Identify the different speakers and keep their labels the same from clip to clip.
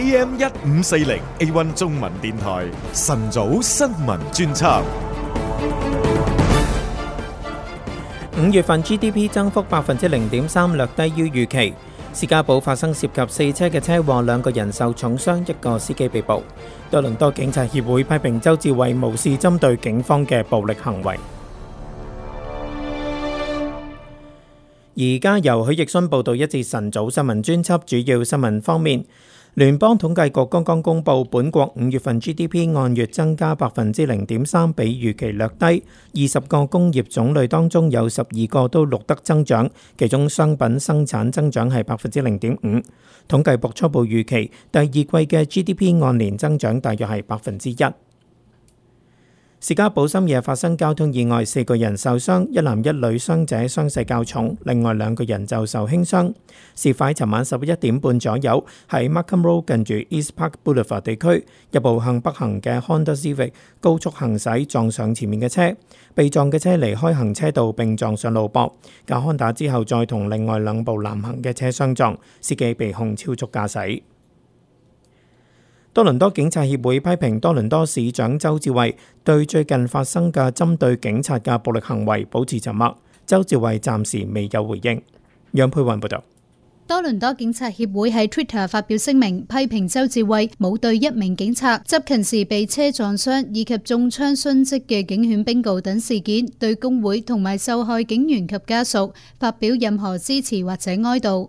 Speaker 1: A.M. 一五四零 A1 中文電台晨早新聞專輯。五月份 GDP 增幅百分之零點三，略低於預期。士嘉堡發生涉及四車嘅車禍，兩個人受重傷，一個司機被捕。多倫多警察協會批評鄒至蕙無視針對警方嘅暴力行為。而家由許奕迅報道一節晨早新聞專輯，主要新聞方面。聯邦統計局剛剛公布，本國五月份 GDP 按月增加百分之零點三，比預期略低。二十個工業種類當中有十二個都錄得增長，其中商品生產增長係百分之零點五。統計局初步預期，第二季嘅 GDP 按年增長大約係百分之一。士嘉堡深夜發生交通意外，四個人受傷，一男一女傷者傷勢較重，另外兩個人就受輕傷。事發尋晚十一點半左右，喺 McCowan Road 近住 East Park Boulevard 地區，一部向北行嘅 Honda Civic 高速行駛，撞上前面嘅車，被撞嘅車離開行車道並撞上路壆，架 Honda 之後再同另外兩部南行嘅車相撞，司機被控超速駕駛。多倫多警察協會批評多倫多市長鄒至蕙對最近發生嘅針對警察嘅暴力行為保持沉默，鄒至蕙暫時未有回應。楊佩雲報道。
Speaker 2: 多倫多警察協會喺 Twitter 發表聲明，批評鄒至蕙冇對一名警察執勤時被車撞傷以及中槍殉職嘅警犬賓高等事件，對工會同埋受害警員及家屬發表任何支持或者哀悼。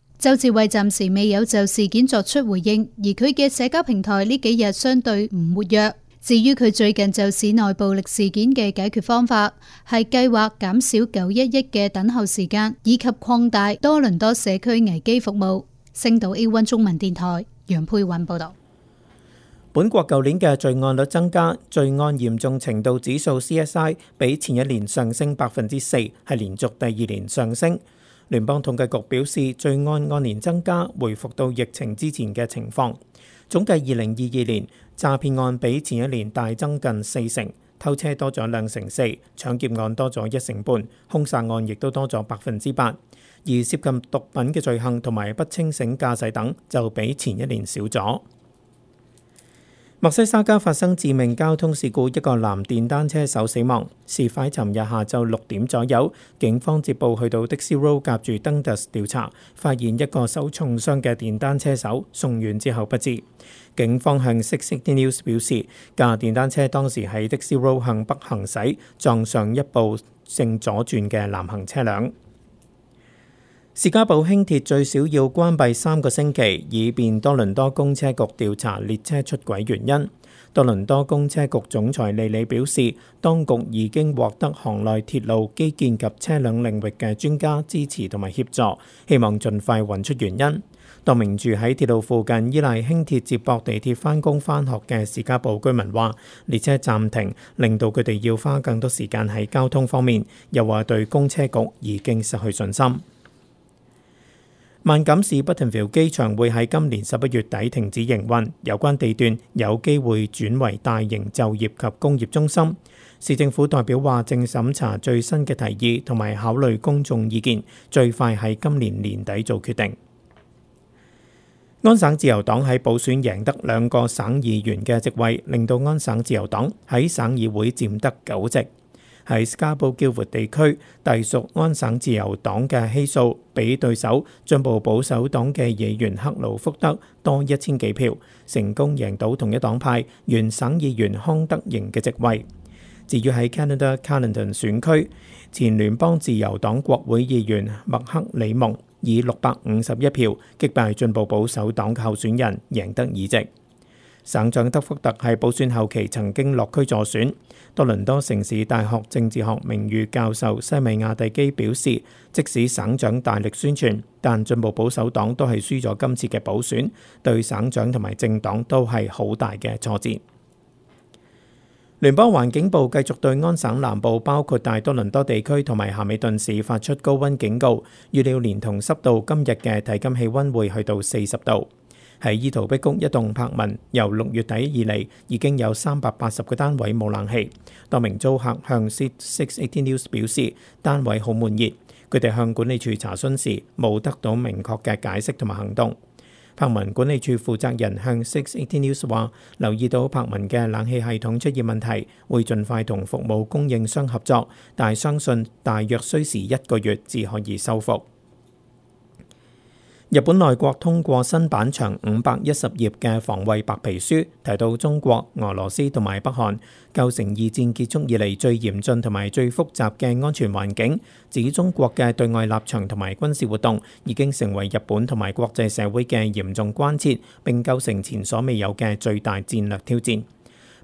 Speaker 2: 周志偉暫時未有就事件作出回應，而佢嘅社交平台呢幾日相對唔活躍。至於佢最近就市內暴力事件嘅解決方法，係計劃減少九一一嘅等候時間，以及擴大多倫多社區危機服務。星島 A1 中文電台楊佩韻報道。
Speaker 1: 本國舊年嘅罪案率增加，罪案嚴重程度指數 CSI 比前一年上升百分之四，係連續第二年上升。聯邦統計局表示，罪案按年增加，回復到疫情之前嘅情況。總計二零二二年，詐騙案比前一年大增近四成，偷車多咗兩成四，搶劫案多咗一成半，兇殺案亦都多咗百分之八。而涉及毒品嘅罪行同埋不清醒駕駛等，就比前一年少咗。密西沙加發生致命交通事故，一個男電單車手死亡。事發尋日下晝六點左右，警方接報去到的士路夾住登打士調查，發現一個受重傷嘅電單車手送院之後不治。警方向 CityNews 表示，架電單車當時喺的士路向北行駛，撞上一部正左轉嘅南行車輛。史嘉堡輕鐵最少要關閉三個星期，以便多倫多公車局調查列車出軌原因。多倫多公車局總裁莉莉表示，當局已經獲得行內鐵路基建及車輛領域嘅專家支持同埋協助，希望盡快揾出原因。多名住喺鐵路附近、依賴輕鐵接駁地鐵返工返學嘅史嘉堡居民話：列車暫停，令到佢哋要花更多時間喺交通方面，又話對公車局已經失去信心。萬錦市布頓維爾機場會喺今年十一月底停止營運，有關地段有機會轉為大型就業及工業中心。市政府代表話，正審查最新嘅提議，同埋考慮公眾意見，最快喺今年年底做決定。安省自由黨喺補選贏得兩個省議員嘅職位，令到安省自由黨喺省議會佔得九席。喺斯加布叫活地區，隸屬安省自由黨嘅希素比對手進步保守黨嘅議員克勞福德多一千幾票，成功贏到同一黨派原省議員康德營嘅席位。至於喺 Canada Carleton 選區，前聯邦自由黨國會議員麥克里蒙以六百五十一票擊敗進步保守黨嘅候選人，贏得議席。省長德福特喺補選後期曾經落區助選。多倫多城市大學政治學名譽教授西米亞蒂基表示，即使省長大力宣傳，但進步保守黨都係輸咗今次嘅補選，對省長同埋政黨都係好大嘅挫折。聯邦環境部繼續對安省南部包括大多倫多地區同埋夏美頓市發出高溫警告，預料連同濕度，今日嘅體感氣溫會去到四十度。喺怡陶碧谷一棟柏文，由六月底以嚟已經有三百八十個單位冇冷氣。多名租客向 680News 表示單位好悶熱，佢哋向管理處查詢時冇得到明確嘅解釋同埋行動。柏文管理處負責人向 680News 話：留意到柏文嘅冷氣系統出現問題，會盡快同服務供應商合作，但相信大約需時一個月至可以修復。日本內閣通過新版長五百一十頁嘅防衛白皮書，提到中國、俄羅斯同埋北韓構成二戰結束以嚟最嚴峻同埋最複雜嘅安全環境，指中國嘅對外立場同埋軍事活動已經成為日本同埋國際社會嘅嚴重關切，並構成前所未有嘅最大戰略挑戰。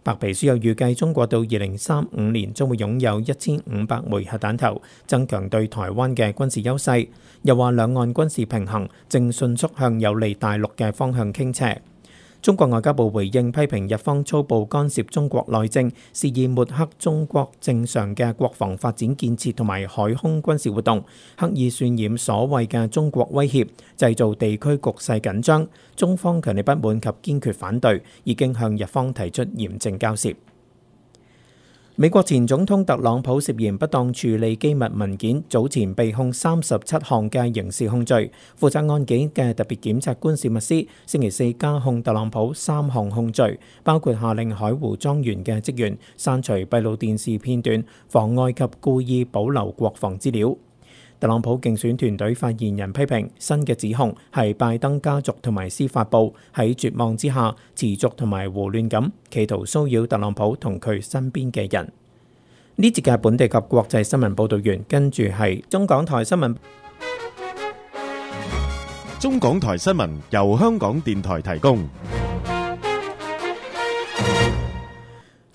Speaker 1: 白皮書又預計中國到二零三五年將會擁有一千五百枚核彈頭，增強對台灣嘅軍事優勢。又話兩岸軍事平衡正迅速向有利大陸嘅方向傾斜。中國外交部回應，批評日方粗暴干涉中國內政，肆意抹黑中國正常嘅國防發展建設同埋海空軍事活動，刻意渲染所謂嘅中國威脅，製造地區局勢緊張。中方強烈不滿及堅決反對，已經向日方提出嚴正交涉。美國前總統特朗普涉嫌不當處理機密文件，早前被控三十七項嘅刑事控罪。負責案件嘅特別檢察官史密斯星期四加控特朗普三項控罪，包括下令海湖莊園嘅職員刪除閉路電視片段、妨礙及故意保留國防資料。特朗普競選團隊發言人批評新嘅指控係拜登家族同埋司法部喺絕望之下持續同埋胡亂咁企圖騷擾特朗普同佢身邊嘅人。呢節嘅本地及國際新聞報道員，跟住係中港台新聞。中港台新聞由香港電台提供。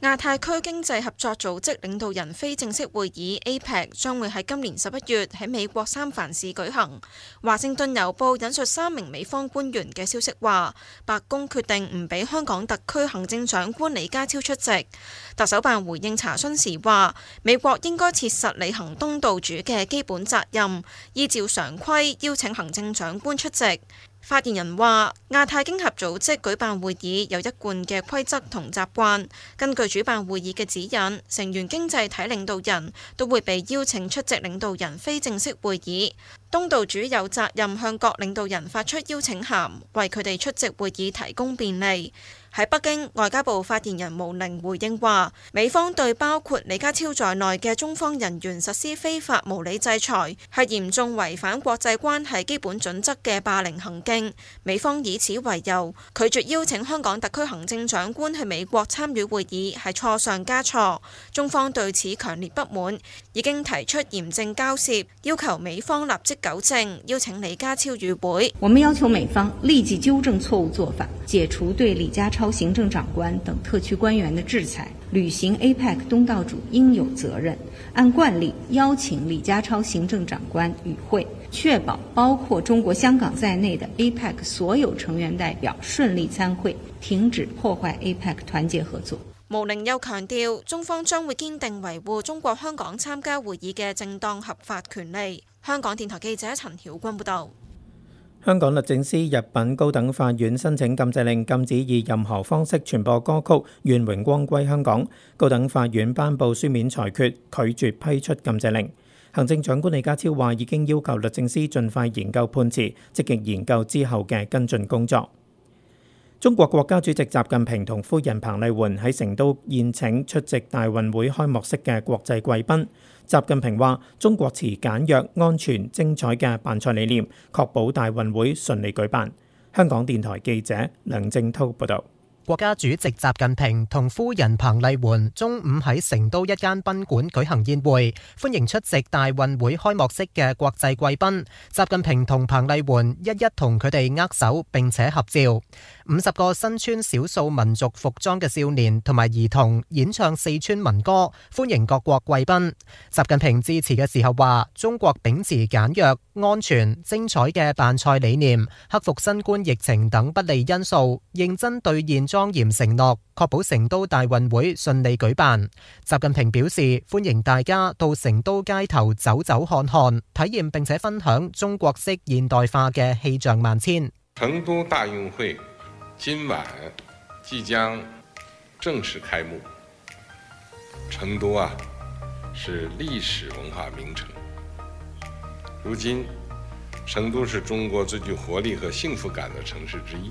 Speaker 3: 亞太區經濟合作組織領導人非正式會議 APEC 將會喺今年十一月喺美國三藩市舉行。華盛頓郵報引述三名美方官員嘅消息話，白宮決定唔畀香港特區行政長官李家超出席。特首辦回應查詢時話：美國應該切實履行東道主嘅基本責任，依照常規邀請行政長官出席。發言人話：亞太經合組織舉辦會議有一貫嘅規則同習慣，根據主辦會議嘅指引，成員經濟體領導人都會被邀請出席領導人非正式會議。東道主有責任向各領導人發出邀請函，為佢哋出席會議提供便利。喺北京，外交部發言人毛寧回應話，美方對包括李家超在內嘅中方人員實施非法無理制裁，係嚴重違反國際關係基本準則嘅霸凌行徑，美方以此為由拒絕邀請香港特區行政長官去美國參與會議，係錯上加錯，中方對此強烈不滿，已經提出嚴正交涉，要求美方立即糾正，邀請李家超與會，我們要求美方立即糾正錯誤做法，解除對李家超超行政長官等特區官員的制裁，履行 APEC 東道主應有責任，按慣例邀請李家超行政長官與會，確保包括中國香港在內的 APEC 所有成員代表順利參會，停止破壞 APEC 團結合作。毛寧又強調，中方將會堅定維護中國香港參加會議嘅正當合法權利。香港電台記者陳曉君報道。
Speaker 1: 香港律政司入稟高等法院申請禁制令，禁止以任何方式傳播歌曲《願榮光歸香港》。高等法院頒布書面裁決，拒絕批出禁制令。行政長官李家超話：已經要求律政司盡快研究判詞，積極研究之後嘅跟進工作。中國國家主席習近平同夫人彭麗媛喺成都宴請出席大運會開幕式嘅國際貴賓。習近平話：中國持簡約、安全、精彩嘅辦賽理念，確保大
Speaker 4: 運會順利舉辦。香港電台記者梁正滔報導。國家主席習近平同夫人彭麗媛中午喺成都一間賓館舉行宴會，歡迎出席大運會開幕式嘅國際貴賓。習近平同彭麗媛一一同佢哋握手並且合照。五十個身穿少數民族服裝嘅少年同埋兒童演唱四川民歌，歡迎各國貴賓。習近平致辭嘅時候話：「中國秉持簡約、安全、精彩嘅辦賽理念，克服新冠疫情等不利因素，認真兌現」。莊嚴承諾，確保成都大運會順利舉辦。習近平表示，歡迎大家到成都街頭走走看看，體驗並且分享中國式現代化嘅氣象萬千。成都大運會今晚即將正式開幕。成都啊，是歷史文化名城。如今，成都是中國最具活力和幸福感的城市之一。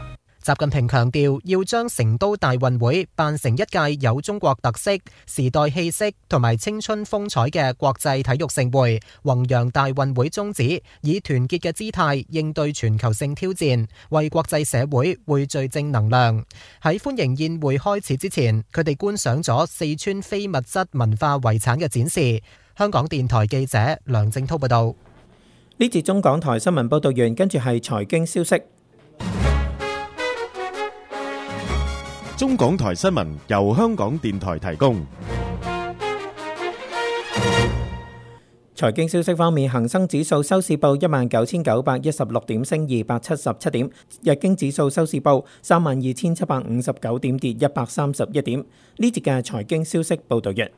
Speaker 4: 習近平強調，要將成都大運會辦成一屆有中國特色、時代氣息同埋青春風采嘅國際體育盛會，弘揚大運會宗旨，以團結嘅姿態應對全球性挑戰，為國際社會匯聚正能量。喺歡迎宴會開始之前，佢哋觀賞咗四川非物質文化遺產嘅展示。香港電台記者梁正濤報道。呢次中港台新聞報道完，跟住係財經消息。中港台新聞由香港電台提供。
Speaker 1: 財經消息方面，恒生指數收市報一萬九千九百一十六點，升二百七十七點；日經指數收市報三萬二千七百五十九點，跌一百三十一點。呢節嘅財經消息報道日。